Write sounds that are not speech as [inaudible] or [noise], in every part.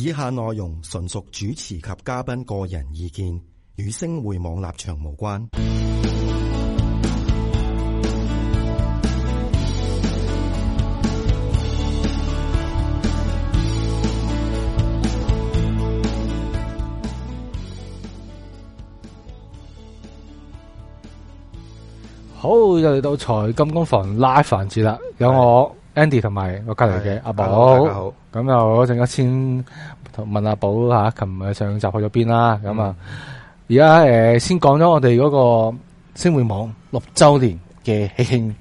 以下內容純屬主持及嘉賓個人意見，與星匯網立場無關。好，又嚟到財金工房拉環節啦，有我。Andy 同埋我隔籬嘅阿寶，咁就陣間先問阿寶吓、啊，琴日上集去咗邊啦？咁啊、嗯，而家誒先講咗我哋嗰個星匯網六周年嘅喜慶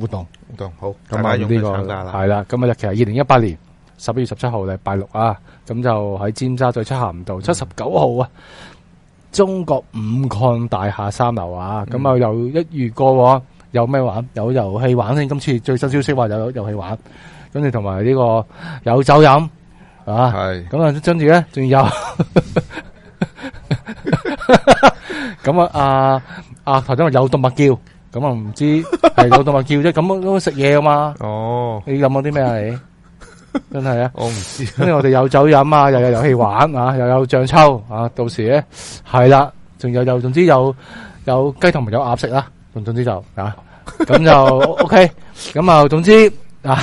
活動，活動好，咁啊用呢、這個係啦，咁啊、嗯、日期係二零一八年十一月十七號禮拜六啊，咁就喺尖沙咀漆咸道七十九號啊，嗯、中國五礦大廈三樓啊，咁啊又一如過。有咩玩？有遊戲玩先。今次最新消息話有遊戲玩，跟住同埋呢個有酒飲，啊，係咁啊，跟住咧仲有，咁啊，啊啊頭先話有動物叫，咁啊唔知係有動物叫啫。咁都食嘢噶嘛？哦，你飲咗啲咩嚟？真係啊！我唔知。跟住我哋有酒飲啊，又有遊戲玩啊，又有醬抽啊。到時咧係啦，仲有有，總之有有雞同埋有鴨食啦。總之就 [laughs] 啊，咁就 OK，咁啊，總之啊，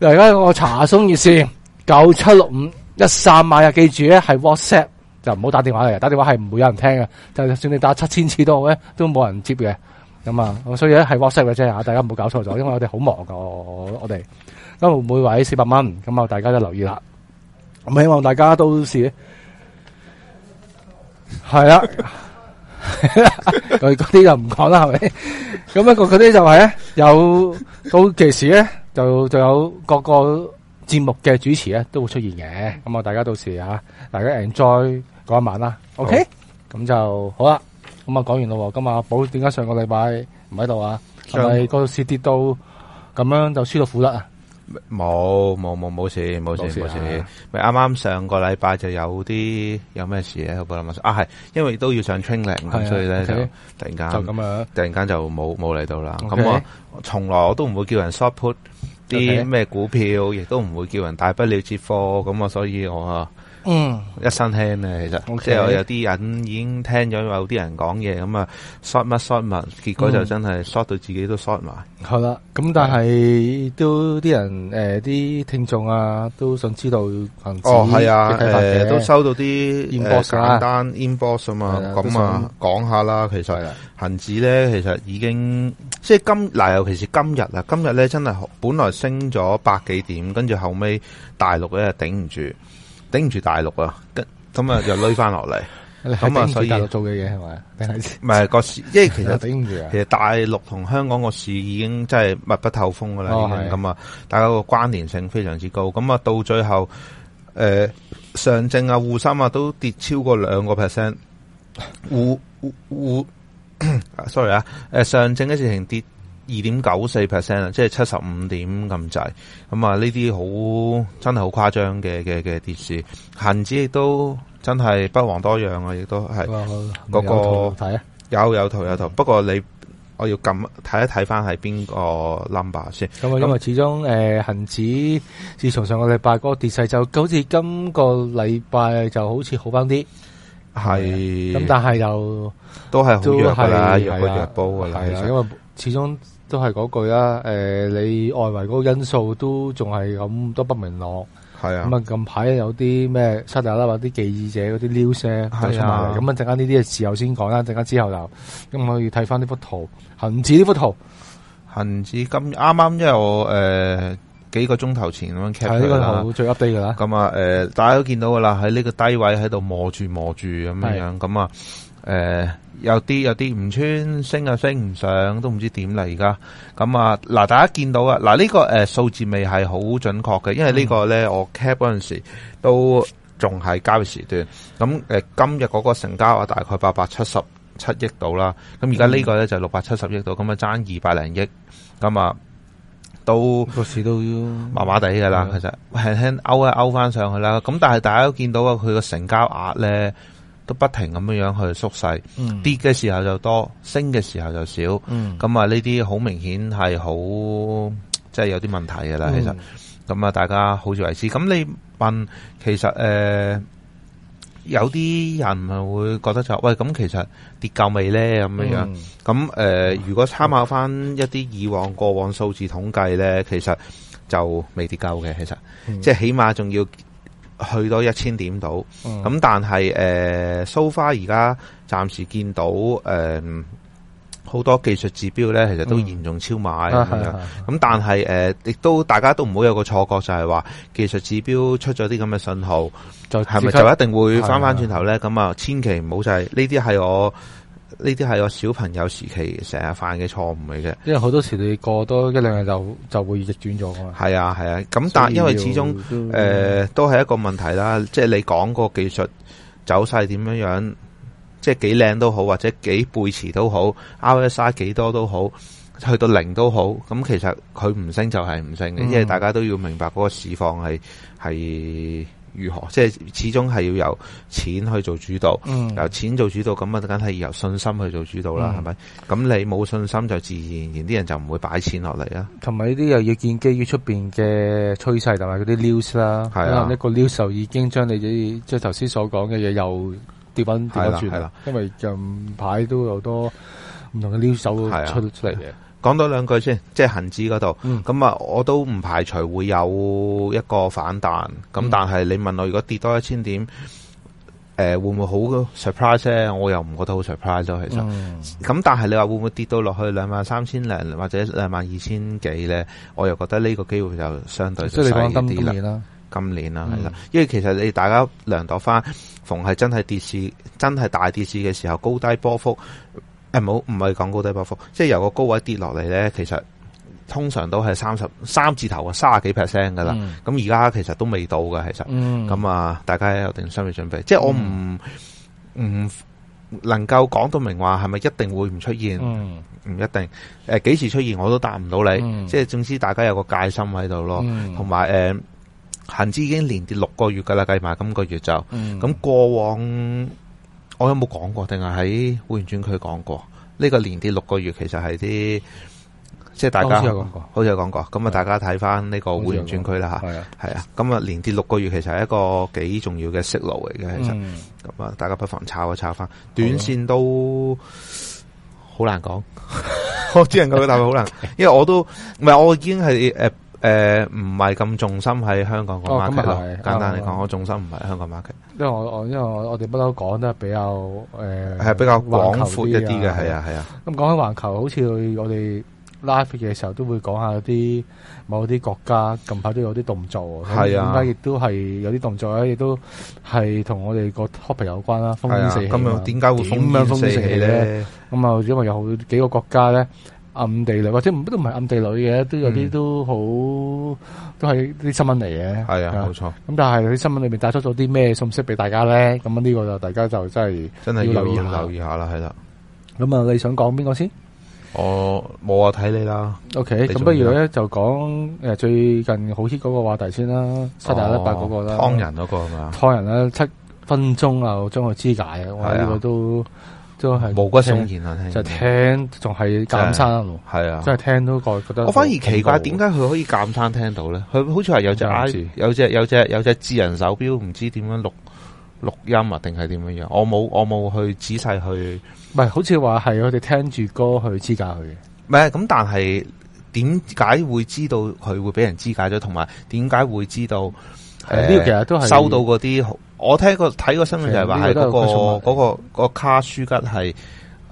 而家我查詢熱線九七六五一三萬。9, 7, 6, 5, 1, 3, 啊，記住咧係 WhatsApp，就唔好打電話嚟，打電話係唔會有人聽嘅，就算你打七千次都好都冇人接嘅，咁啊，所以咧係 WhatsApp 嘅啫啊，大家唔好搞錯咗，因為我哋好忙噶，我哋今日每位四百蚊，咁啊，大家都留意啦，咁希望大家都是係啦。 [laughs] [laughs] 佢嗰啲就唔講啦，係咪？咁不過，嗰嗰啲就係咧，有到其時咧，就就有各個節目嘅主持咧都會出現嘅。咁啊，大家到時吓，大家 enjoy 嗰一晚啦。OK，咁就好啦。咁啊，講完啦。今日阿寶點解上個禮拜唔喺度啊？係咪個市跌到咁樣就輸到褲甩啊？冇冇冇冇事冇事冇事，咪啱啱上個禮拜就有啲有咩事咧？我本來啊，係因為都要上 training，啊、所以咧 okay 就突然間就咁樣、啊、突然間就冇冇嚟到啦。咁 okay 我從來我都唔會叫人 short put 啲咩股票，亦 okay 都唔會叫人大不了接貨。咁啊，所以我啊。嗯，一身輕咧，其實 okay，即係有啲人已經聽咗有啲人講嘢，咁啊 short 乜 short 乜，結果就真係 short 到自己都 short 埋。好啦，咁但係都啲人誒，啲聽眾啊，都想知道恒指，哦係啊，誒都收到啲 inbox 簡單 inbox 啊嘛，咁啊講下啦。其實恒指咧，其實已經即係今嗱，尤其是今日啊，今日咧真係本來升咗百幾點，跟住後尾大陸咧又頂唔住。頂唔住大陸啊，咁咁啊就拉翻落嚟，咁啊 [laughs] 所以大陸做嘅嘢係咪？唔係個市， [laughs] 因為其實頂唔住啊。其實大陸同香港個市已經真係密不透風噶啦，咁啊、哦，大家個關聯性非常之高。咁啊到最後，誒、呃、上證啊滬深啊都跌超過兩個 percent，滬滬，sorry 啊，誒上證嘅事情跌。二點九四 percent 啊，即係七十五點咁滯，咁啊呢啲好真係好誇張嘅嘅嘅跌市，恒指亦都真係不遑多讓啊，亦都係。嗰、哦嗰個有圖睇啊？有有圖有，有圖，有圖嗯、不過你我要撳睇一睇翻係邊個 number 先。咁啊、嗯，咁啊，始終誒恒指自從上個禮拜嗰個跌勢，就好似今個禮拜就好似好翻啲。係、啊。咁、啊、但係又都係好弱噶啦，弱過日波噶啦。因為始終。都係嗰句啦，誒、呃，你外圍嗰個因素都仲係咁多不明朗，係啊。咁啊，近排有啲咩七仔啦，啲記者嗰啲撩 e 係啊。咁啊，陣間呢啲時候先講啦，陣間之後就咁可以睇翻呢幅圖，恆指呢幅圖，恆指。今啱啱因為我誒、呃、幾個鐘頭前咁樣 cut 佢啦，最 update 噶啦。咁啊，誒、呃，大家都見到噶啦，喺呢個低位喺度磨住磨住咁樣樣，咁是啊。誒、呃，有啲有啲唔穿升啊，升唔上，都唔知點嚟。而家。咁啊，嗱，大家見到啊，嗱呢、這個誒數、呃、字未係好準確嘅，因為個呢個咧、嗯、我 cap 嗰陣時都仲係交易時段。咁、嗯、誒、呃，今日嗰個成交額啊，大概八百七十七億度啦。咁而家呢個咧就六百七十億度，咁啊爭二百零億，咁啊都個市都麻麻地噶啦，其實輕輕勾一勾翻上去啦。咁但係大家都見到啊，佢個成交額咧。都不停咁樣樣去縮細，跌嘅時候就多，升嘅時候就少。咁啊，呢啲好明顯係好，即係有啲問題㗎啦。其實，咁啊，大家好自為之。咁你問，其實誒、呃，有啲人係會覺得就喂，咁其實跌夠未呢？」咁樣樣，咁誒、嗯呃，如果參考翻一啲以往過往數字統計呢，其實就未跌夠嘅。其實，嗯、即係起碼仲要。去到一千點度，咁、嗯、但係誒，so far 而家暫時見到誒，好、uh, 多技術指標咧，其實都嚴重超買咁咁但係誒，uh, 亦都大家都唔好有個錯覺就是說，就係話技術指標出咗啲咁嘅信號，就係咪就一定會返返轉頭咧？咁啊是、就是，千祈唔好就係呢啲係我。呢啲係我小朋友時期成日犯嘅錯誤嚟嘅，因為好多時你過多一兩日就就會逆轉咗嘅。係啊係啊，咁、啊、但因為始終誒、呃、都係一個問題啦，即係你講個技術走勢點樣樣，即係幾靚都好，或者幾背馳都好，RSI 幾多都好，去到零都好，咁其實佢唔升就係唔升嘅，嗯、因為大家都要明白嗰個市況係係。如何？即係始終係要由錢去做主導，嗯、由錢做主導，咁啊梗係要由信心去做主導啦，係咪、嗯？咁你冇信心，就自然而然啲人就唔會擺錢落嚟啦。同埋呢啲又要建基於出邊嘅趨勢同埋嗰啲 news 啦。係啊，呢個 news 已經將你啲即係頭先所講嘅嘢又跌翻跌翻轉啦。啊啊、了因為近排都有多唔同嘅 news、啊、出出嚟嘅。講多兩句先，即係恒指嗰度，咁啊，我都唔排除會有一個反彈。咁、嗯、但係你問我，如果跌多一千點，嗯呃、會唔會好 surprise 咧？我又唔覺得好 surprise 咯、啊，其實。咁、嗯、但係你話會唔會跌到落去兩萬三千零或者兩萬二千幾咧？我又覺得呢個機會就相對即係你講今年啦，今年啦，係啦、啊嗯。因為其實你大家量度翻，逢係真係跌市、真係大跌市嘅時候，高低波幅。係冇，唔係講高低波幅，即係由個高位跌落嚟咧，其實通常都係三十三字頭啊，三十幾 percent 噶啦。咁而家其實都未到噶，其實，咁啊、嗯，大家有一定心理準備。即係我唔唔、嗯、能夠講到明話，係咪一定會唔出現？唔、嗯、一定。誒、呃，幾時出現我都答唔到你。嗯、即係總之，大家有個戒心喺度咯，同埋誒，恒指、呃、已經連跌六個月噶啦，計埋今個月就，咁、嗯、過往。我有冇講過？定係喺會員專區講過？呢、這個連跌六個月，其實係啲即係大家好似有講過。咁啊，大家睇翻呢個會員專區啦吓。係啊，係啊。咁啊的，連跌的六個月，其實係一個幾重要嘅息路嚟嘅。嗯、其實咁啊，大家不妨炒一炒翻。短線都好的 [laughs] 難講說， [laughs] 我只能夠答，但係好難， [laughs] 因為我都唔係，我已經係誒。呃誒唔係咁重心喺香港個 market 度，簡單嚟講，我重心唔係香港 market。因為我我因為我我哋不嬲講得係比較誒，係比較廣闊一啲嘅，係啊係啊。咁講開環球，好似我哋 live 嘅時候都會講下啲某啲國家近排都有啲動作。係啊，點解亦都係有啲動作咧，亦都係同我哋個 topic 有關啦。係啊，咁又點解會烽煙四起咧？咁啊，因為有幾個國家咧。暗地裏，或者都唔係暗地裏嘅，有都有啲、嗯、都好，都係啲新聞嚟嘅。係啊的，冇的錯。咁但係啲新聞裏面帶出咗啲咩信息俾大家咧？咁呢個就大家就真係真係要留意下啦，係啦。咁啊，你想講邊個先？我冇啊，睇你啦。OK，咁不如咧就講最近好 hit 嗰個話題先啦，七廿一八嗰個啦，哦，湯人嗰個係嘛？湯人咧七分鐘就將佢肢解嘅，呢個都。都係毛骨悚然啊！就是、聽，仲係監生係啊！即係聽都覺覺得。我反而奇怪，點解佢可以監生聽到咧？佢好似係有隻，有隻，有隻，有隻智能手錶，唔知點樣錄錄音啊，定係點樣樣？我冇，我冇去仔細去。唔係，好似話係我哋聽住歌去肢解佢嘅。唔係咁，但係點解會知道佢會俾人肢解咗？同埋點解會知道？呢個其實都係收到嗰啲，我聽過睇過新聞就係話係嗰個個嗰個卡舒吉係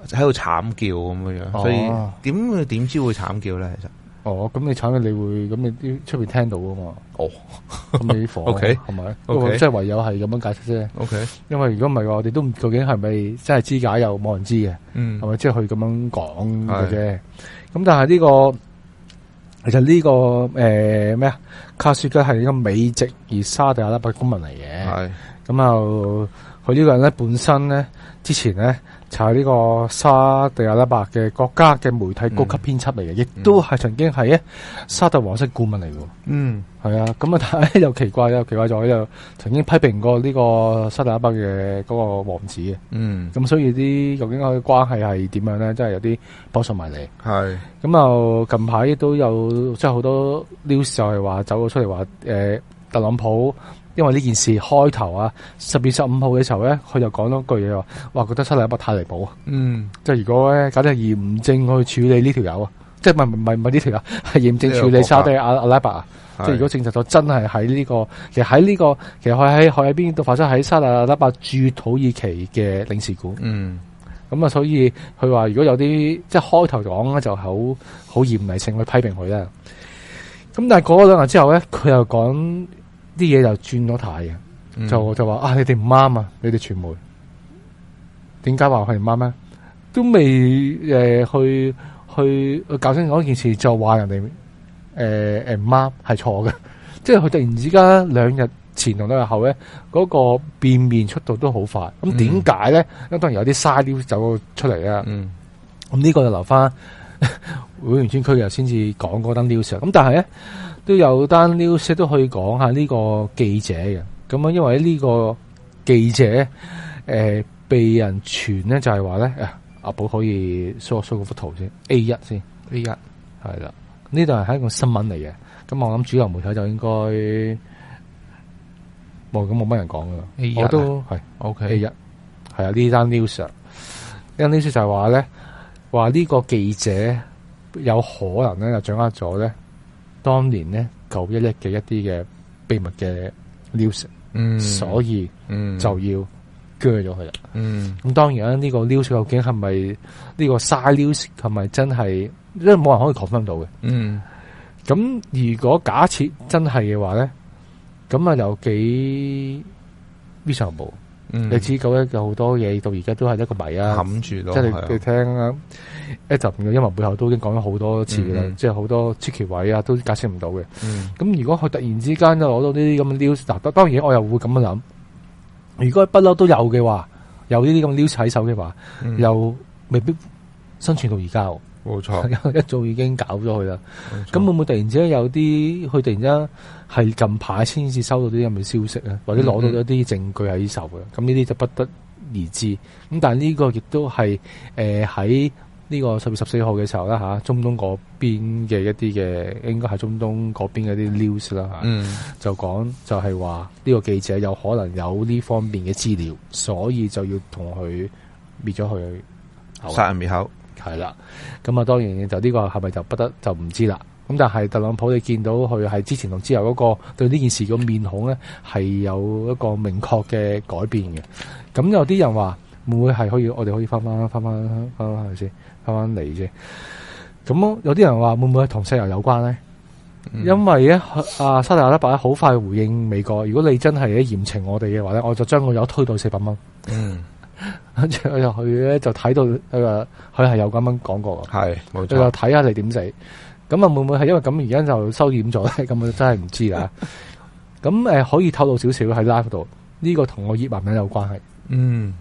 喺度慘叫咁樣樣，所以點會點知會慘叫咧？其實哦，咁你慘你會咁你出邊聽到噶嘛？哦，咁你火？O K 係咪？O K 即係唯有係咁樣解釋啫。O K，因為如果唔係我哋都唔究竟係咪真係知假又冇人知嘅？嗯，係咪即係佢咁樣講嘅啫？咁但係呢個。其實呢個誒咩啊，卡舒吉係一個美籍而沙特阿拉伯公民嚟嘅是的，咁啊佢呢個人咧本身咧之前咧。查呢個沙地阿拉伯嘅國家嘅媒體高級編輯嚟嘅，亦、嗯嗯、都係曾經係沙特王室顧問嚟嘅。嗯，係啊。咁啊，但係又奇怪，又奇怪咗，又曾經批評過呢個沙特阿拉伯嘅嗰個王子嘅。嗯。咁所以啲究竟佢關係係點樣咧？真係有啲波數埋嚟。係是。咁啊，近排都有即係好多 news 就係話走咗出嚟話，誒、呃，特朗普。因為呢件事開頭啊，十月十五號嘅時候咧，佢就講咗句嘢話，話覺得沙地阿拉伯太離譜啊。嗯，即係如果咧搞到嚴正去處理呢條友啊，即係唔係唔係唔係呢條友，係嚴正處理沙地阿阿拉伯啊。即係是是 如果證實咗真係喺呢個，其實喺呢、這個，其實佢喺、這個、海喺邊度發生喺沙地阿拉伯駐土耳其嘅領事館。嗯，咁啊，所以佢話如果有啲即係開頭講咧就好好嚴厲性去批評佢呢。咁但係過咗兩日之後咧，佢又講。啲嘢就轉咗軚嘅，就就話啊，你哋唔啱啊，你哋傳媒點解話佢唔啱咧？都未誒、呃、去去，去搞清楚一件事，就話人哋誒誒唔啱係錯嘅，即係佢突然之間兩日前同兩日後咧，嗰、嗰個變面速度都好快。咁點解咧？咁當然有啲沙雕走出嚟。嗯。咁呢個就留翻。 [laughs] 會員專區又先至講嗰單 news 咁，但係咧都有單 news 都可以講下呢個記者嘅，咁啊因為呢個記者誒、呃、被人傳咧就係話咧，阿寶可以 show show 幅圖先 A 一先 A 一係啦，呢度係一個新聞嚟嘅，咁我諗主流媒體就應該冇咁冇乜人講噶啦，A 一？我都係 OK A 一係啊，呢單 news 啊，呢單 news 就係話咧。話呢個記者有可能咧就掌握咗咧當年咧九一一嘅一啲嘅秘密嘅 news 嗯，所以嗯就要鋸咗佢啦，嗯，咁、嗯、當然啦呢個 news 究竟係咪呢個沙 news 係咪真係，因為冇人可以 confirm 到嘅，嗯，咁如果假設真係嘅話咧，咁啊有幾唔靠譜.你知九一有好多嘢到而家都係一個謎啊，冚住咯。即係你聽啊的一集嘅音樂背後都已經講咗好多次啦，嗯、即係好多出奇位啊，都解釋唔到嘅。咁、嗯、如果佢突然之間就攞到呢啲咁嘅 news，嗱當然我又會咁樣諗。如果不嬲都有嘅話，有呢啲咁嘅 news 喺手嘅話，嗯、又未必生存到而家。冇錯，錯 [laughs] 一早已經搞咗佢啦。咁錯會唔會突然之間有啲，佢突然之間係近排先至收到啲咁嘅消息啊，或者攞到咗啲證據喺手嘅？咁呢啲就不得而知。咁但係呢個亦都係誒喺呢個十月十四號嘅時候啦，嚇、啊、中東嗰邊嘅一啲嘅，應該係中東嗰邊嘅啲 news 啦、啊，嚇、嗯、就講就係話呢個記者有可能有呢方面嘅資料，所以就要同佢滅咗佢，殺人滅口。係啦，咁啊，當然就呢個係咪就不得就唔知啦。咁但係特朗普，你見到佢係之前同之後嗰個對呢件事個面孔咧，係有一個明確嘅改變嘅。咁有啲人話會唔會係可以，我哋可以翻翻翻翻翻翻去先翻翻嚟先咁有啲人話會唔會同石油有關咧？嗯、因為咧，返、啊、沙特阿拉伯好快回應美國，如果你真係咧嚴懲我哋嘅話咧，我就將個油推到四百蚊。嗯。跟住佢就去咧，佢就睇到佢話佢係有咁樣講過嘅，係冇錯。就睇下你點死，咁啊會唔會係因為咁而家就收斂咗咧？咁啊 [laughs] 真係唔知啦。咁誒 [laughs] 可以透露少少喺 live 度，呢、呢個同我葉文明有關係。嗯，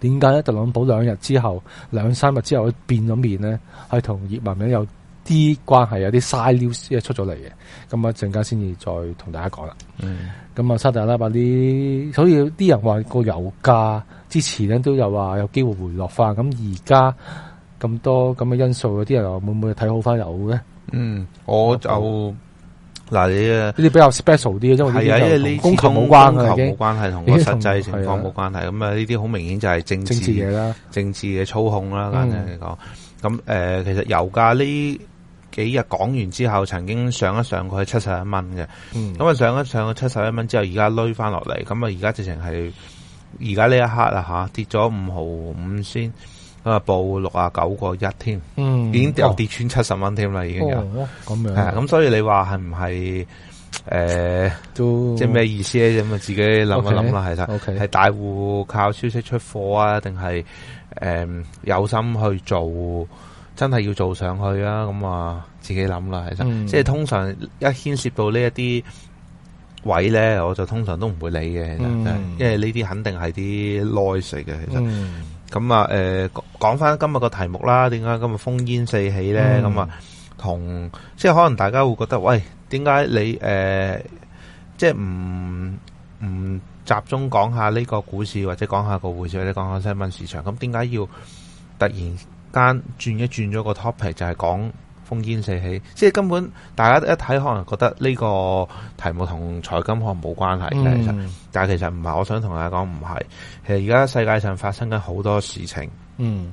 點解咧？特朗普兩日之後、兩三日之後變咗面咧？係同葉文明有啲關係，有啲晒料先出咗嚟嘅。咁啊陣間先至再同大家講啦。嗯，咁啊，沙特啦，把啲所以啲人話個油價。之前咧都有話有機會回落翻，咁而家咁多咁嘅因素，有啲人會唔會睇好翻油咧？嗯，我就嗱你啊，呢啲比較 special 啲，因為係啊，因為呢供求冇關係，冇關係同個實際情況冇關係，咁啊呢啲好明顯就係政治嘢啦，政治嘅操控啦，簡單嚟講。咁誒、呃，其實油價呢幾日講完之後，曾經上一上去七十一蚊嘅，咁啊、嗯、上一上到七十一蚊之後，而家攞翻落嚟，咁啊而家直情係。而家呢一刻啦，下跌咗五毫五先，咁啊報六啊九個一添，嗯，已經又跌穿七十蚊添啦，已經啊，咁樣係咁，所以你話係唔係誒，都即係咩意思咧？咁啊，自己諗一諗啦，係啦，係大戶靠消息出貨啊，定係誒有心去做，真係要做上去啊？咁啊，自己諗啦，係啦、嗯，即係通常一牽涉到呢一啲。位咧，我就通常都唔會理嘅，因為呢啲肯定係啲 noise 嚟嘅。其實咁啊，誒、嗯，講翻、呃、今日個題目啦，點解今日烽煙四起咧？咁啊、嗯，同即係可能大家會覺得，喂，點解你誒，即係唔唔集中講下呢個股市，或者講下個匯市，或者講下商品市場？咁點解要突然間轉一轉咗個 topic，就係講，烽煙四起，即係根本大家一睇，可能覺得呢個題目同財金可能冇關係嘅，嗯，其實但係其實唔係，我想同大家講，唔係，其實而家世界上發生緊好多事情，嗯，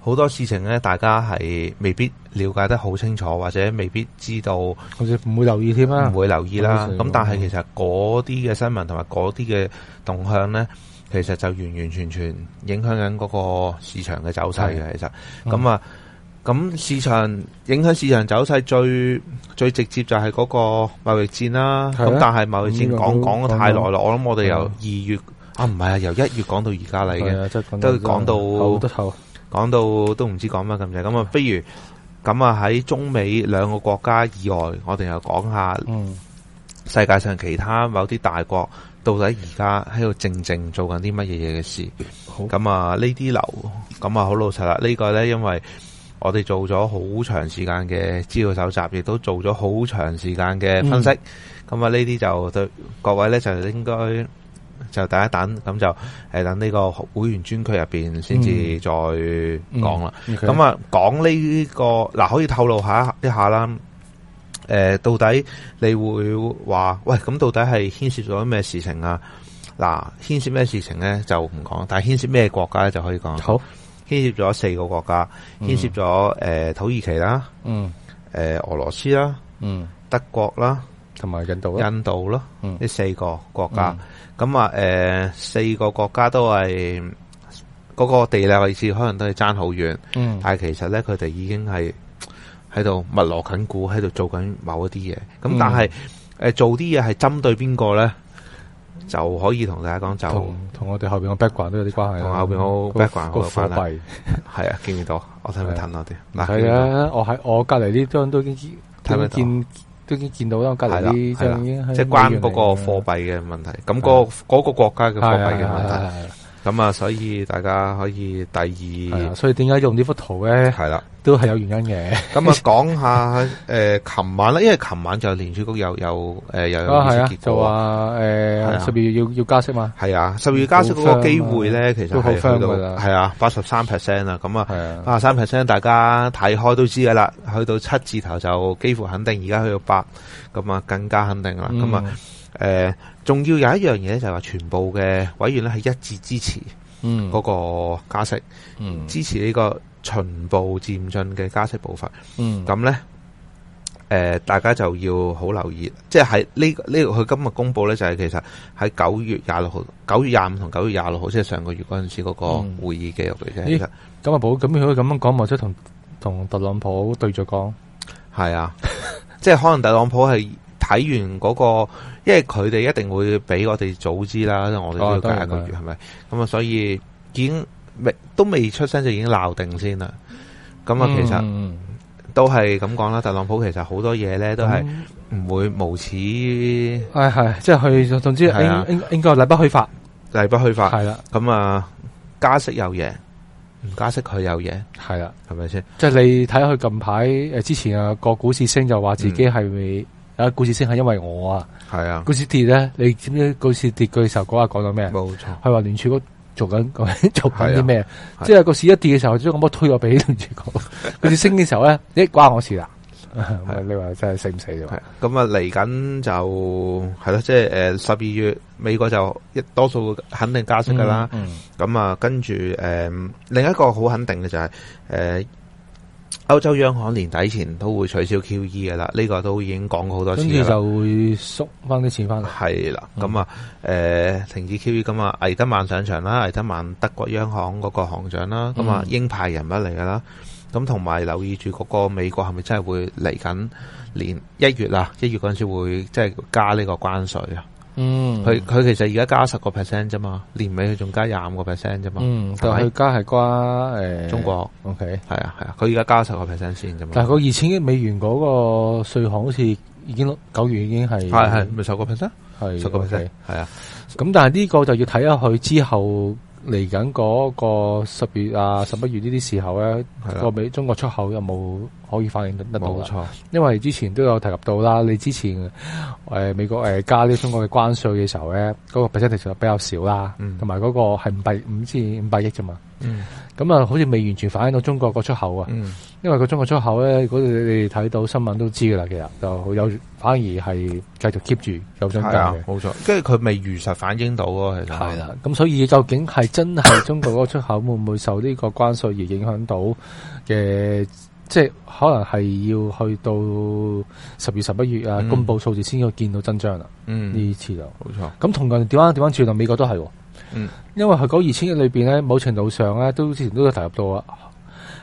好多事情咧，大家係未必了解得好清楚，或者未必知道，或者唔會留意添啦，唔會留意啦。咁但係其實嗰啲嘅新聞同埋嗰啲嘅動向咧，其實就完完全全影響緊嗰個市場嘅走勢嘅，的其實咁啊。嗯嗯咁市場影響市場走勢最最直接就係嗰個貿易戰啦。咁的但係貿易戰講講咗太耐啦，我諗我哋由二月的啊唔係啊，由一月講到而家嚟嘅，即講都講到講到都唔知講乜咁樣。咁啊，不如咁啊喺中美兩個國家以外，我哋又講下世界上其他某啲大國到底而家喺度靜靜做緊啲乜嘢嘢嘅事。咁啊呢啲流，咁啊好老實啦。這個、呢個咧因為我哋做咗好長時間嘅資料搜集，亦都做咗好長時間嘅分析。咁啊、嗯，呢啲就對各位呢，就應該就等一等，咁就係等呢個會員專區入邊先至再講啦。咁啊、嗯，講、嗯、呢、okay 呢個嗱，可以透露下一下啦。誒,到底你會話喂？咁到底係牽涉咗咩事情啊？嗱，牽涉咩事情呢？就唔講，但係牽涉咩國家咧就可以講。好。牽涉咗四個國家，牽、嗯、涉咗誒、呃、土耳其啦，嗯，誒、呃、俄羅斯啦，嗯，德國啦，同埋印度啦，印度啦呢、嗯、四個國家，咁啊、嗯，誒、呃、四個國家都係嗰、那個地理位置可能都係爭好遠，嗯，但係其實咧，佢哋已經係喺度密鑼緊鼓喺度做緊某一啲嘢，咁但係誒、嗯呃、做啲嘢係針對邊個咧？就可以同大家講，就同我哋後邊個 background 都有啲關係，同後邊我 background 個貨幣係啊，見唔到，我睇唔睇到啲？嗱，係啊，我喺我隔籬呢張都已經睇見，都已經見到啦，隔籬呢張已經即係、啊啊就是、關嗰個貨幣嘅問題，咁嗰嗰個國家嘅貨幣嘅問題。咁啊，所以大家可以第二，啊、所以點解用呢幅圖咧？係啦、啊，都係有原因嘅。咁 [laughs] 啊，講下誒，琴晚咧，因為琴晚就聯儲局又又誒又有啲結果啊，誒，十二、啊呃啊、月要要加息嘛？係啊，十二月加息嗰個機會咧，很啊、其實是很去到係啊，八十三 percent 啦。咁啊，八十三 percent，大家睇開都知噶啦，去到七字頭就幾乎肯定，而家去到八，咁啊，更加肯定啦，咁、嗯、啊。誒，仲、呃、要有一樣嘢就係、是、話全部嘅委員咧係一致支持，嗯，嗰個加息，嗯，嗯，支持呢個循步漸進嘅加息步伐，嗯，咁咧，誒、呃，大家就要好留意，即係喺呢呢，佢、這個，今日公布咧就係其實喺九月廿六號、九月廿五同九月廿六號，即、就、係、是、上個月嗰陣時嗰個會議記錄嚟嘅。咦，咁啊實保，咁佢咁樣講，莫非同同特朗普對住講？係啊， [laughs] 即係可能特朗普係。睇完嗰個，因為佢哋一定會俾我哋早知啦，我哋都要隔一個月，係咪？咁啊，所以已經未都未出聲就已經鬧定先啦。咁啊，其實都係咁講啦。特朗普其實好多嘢咧，都係唔會無恥。誒，係，即係佢總之應應應該例不虛發，例不虛發係啦。咁啊，加息有嘢，唔加息佢有嘢，係啦，係咪先？即係你睇佢近排誒，之前啊個股市升就話自己係咪。故事升係因為我啊，係啊！股市跌咧，你知唔知？股市跌嘅時候，講下講到咩冇錯，係話聯儲局做緊做緊啲咩？即係個市一跌嘅時候，將咁波推我俾聯儲局。股市、啊啊、升嘅時候咧， [laughs] 咦？關我事啦？係你話真係升唔死咁啊，嚟緊、啊 [laughs] 啊啊、就係咯，即係誒十二月美國就一多數肯定加息噶啦。咁、嗯嗯、啊，跟住誒、呃，另一個好肯定嘅就係、是、誒。呃歐洲央行年底前都會取消 QE 嘅啦，呢、這個都已經講過好多次了，就會縮翻啲錢翻嚟。係啦的，咁啊、嗯，誒、呃、停止 QE，咁啊，魏德曼上場啦，魏德曼德國央行嗰個行長啦，咁啊，鷹派人物嚟噶啦。咁同埋留意住嗰個美國係咪真係會嚟緊年一月啊？一月嗰陣時會即係加呢個關稅啊？嗯，佢佢其實現在10而家加十個 percent 啫嘛，年尾佢仲加廿五個 percent 啫嘛。嗯，但係佢加係瓜誒，中國，OK，係啊係啊，佢、啊、而家加十個 percent 先啫嘛。但係個二千億美元嗰個稅項好似已經九月已經係，係係咪十個 percent？係十個 percent，係啊。咁但係呢個就要睇下佢之後嚟緊嗰個十月啊十一月呢啲時候咧個美中國出口有冇？可以反映得得冇錯，沒錯 因為之前都有提及到啦。你之前誒、呃、美國誒、呃、加呢中國嘅關稅嘅時候咧，嗰、嗰個 percentage 比較少啦，同埋嗰個係五百五千五百億啫嘛。咁啊，嗯、好似未完全反映到中國個出口啊。嗯、因為個中國出口咧，嗰度你哋睇到新聞都知噶啦。其實就有反而係繼續 keep 住有增加嘅，冇錯。跟住佢未如實反映到咯，其實係啦。咁所以究竟係真係中國嗰個出口會唔會受呢個關稅而影響到嘅？即係可能係要去到十月十一月啊，公布數字先會見到增長啦、嗯。嗯，呢次就冇沒錯。咁同樣點翻調翻轉，就美國都係、哦，嗯，因為佢嗰二千億裏邊咧，某程度上咧，都之前都有提及到啊，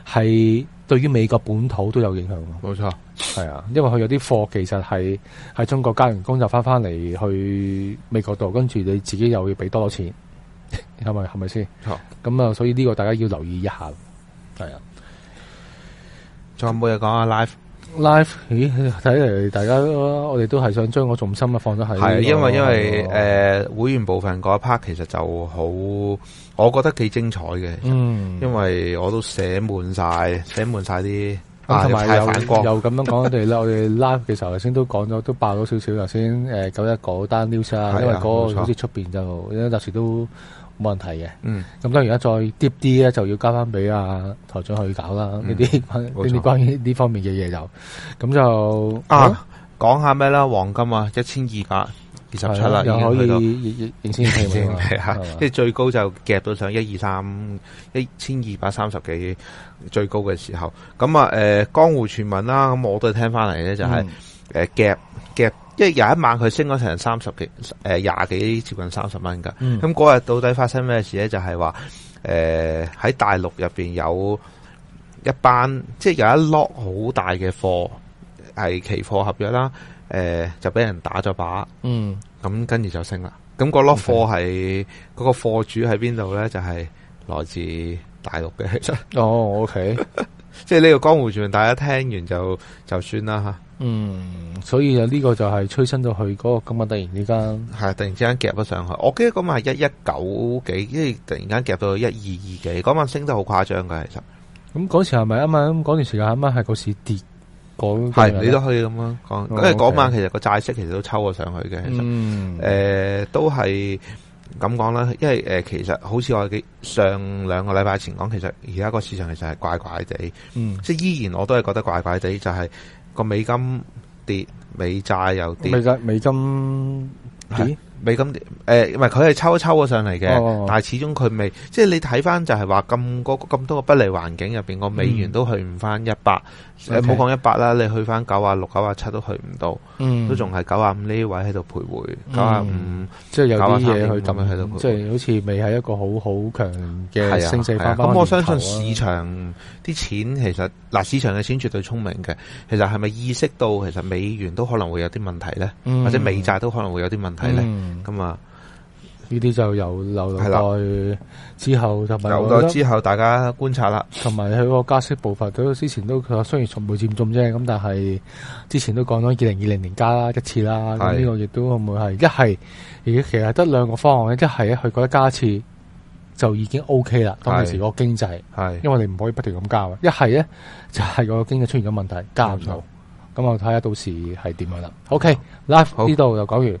係對於美國本土都有影響冇沒錯，係啊，因為佢有啲貨其實係喺中國加完工就翻翻嚟去美國度，跟住你自己又要俾多多錢，係咪係咪先？好。咁啊，所以呢個大家要留意一下。係啊。再有冇嘢講啊？Life，Life，咦？睇嚟大家我哋都係想將個重心啊放咗喺係，因為的因為誒、呃、會員部分嗰一 part 其實就好，我覺得幾精彩嘅。嗯，因為我都寫滿晒，寫滿晒啲。咁同埋有又咁樣講 [laughs] 我哋咧，我哋 live 嘅時候頭先都講咗，都爆咗少少。頭先誒九一嗰單 news 啊，因為嗰好似出邊就有陣時都。冇問題嘅，咁當而家再跌啲咧就要交翻俾阿台長去搞啦。呢啲呢啲關於呢錯方面嘅嘢就咁就啊講下咩啦？黃金 27, 啊，一千二百二十七啦，已經去到二千二千即係最高就夾到上一二三一千二百三十幾最高嘅時候。咁啊，誒、呃、江湖傳聞啦，咁我都係聽翻嚟咧，就係誒夾夾。即係有一晚佢升咗成三十幾，誒廿幾接近三十蚊噶。嗯。咁嗰日到底發生咩事咧？就係話，誒喺大陸入邊有一班，即係有一粒好大嘅貨係期貨合約啦。誒就俾人打咗靶，嗯，咁跟住就升啦。咁嗰粒貨係，Okay。嗰個貨主喺邊度咧？就係來自大陸嘅。哦，OK，即係呢個江湖傳聞，大家聽完就就算啦吓。嗯，所以就呢個就係催生到佢嗰、那個今日突然之間，係突然之間夾咗上去。我記得嗰晚係一一九幾，跟住突然間夾到一二二幾，嗰晚升得好誇張噶。其實咁嗰時係咪啱啱？咁嗰段時間啱啱係個市跌個？講，係你都可以咁樣講，那 Okay. 因為嗰晚其實個債息其實都抽咗上去嘅。其實嗯，誒、呃，都係咁講啦。因為誒、呃，其實好似我上兩個禮拜前講，其實而家個市場其實係怪怪地。嗯，即係依然我都係覺得怪怪地，就係、是。個美金跌，美債又跌。美債美金跌。未咁，誒，唔係佢係抽一抽咗上嚟嘅，但係始終佢未，即係你睇翻就係話咁咁多個不利環境入邊，個美元都去唔翻一百，誒，冇講一百啦，你去翻九啊六、九啊七都去唔到，都仲係九啊五呢位喺度徘徊，九啊五，即係有啲嘢去咁樣喺度，即係好似未係一個好好強嘅升勢翻翻，咁我相信市場啲錢其實嗱，市場嘅錢絕對聰明嘅，其實係咪意識到其實美元都可能會有啲問題咧，或者美債都可能會有啲問題咧？咁啊，呢啲、嗯嗯、就由留落來之後就埋，留落之後大家觀察啦，同埋佢個加息步伐到之前都佢話雖然從冇漸進啫，咁但係之前都講咗二零二零年加啦一次啦，咁呢是個亦都會唔會係一係？咦，其實得兩個方案咧，一係佢覺得加一次就已經 O K 啦，當陣時個經濟係，因為你唔可以不斷咁加嘅，一係咧就係個經濟出現咗問題，加唔到，咁、嗯、我睇下到時係點樣啦。O K，live 呢度就講完。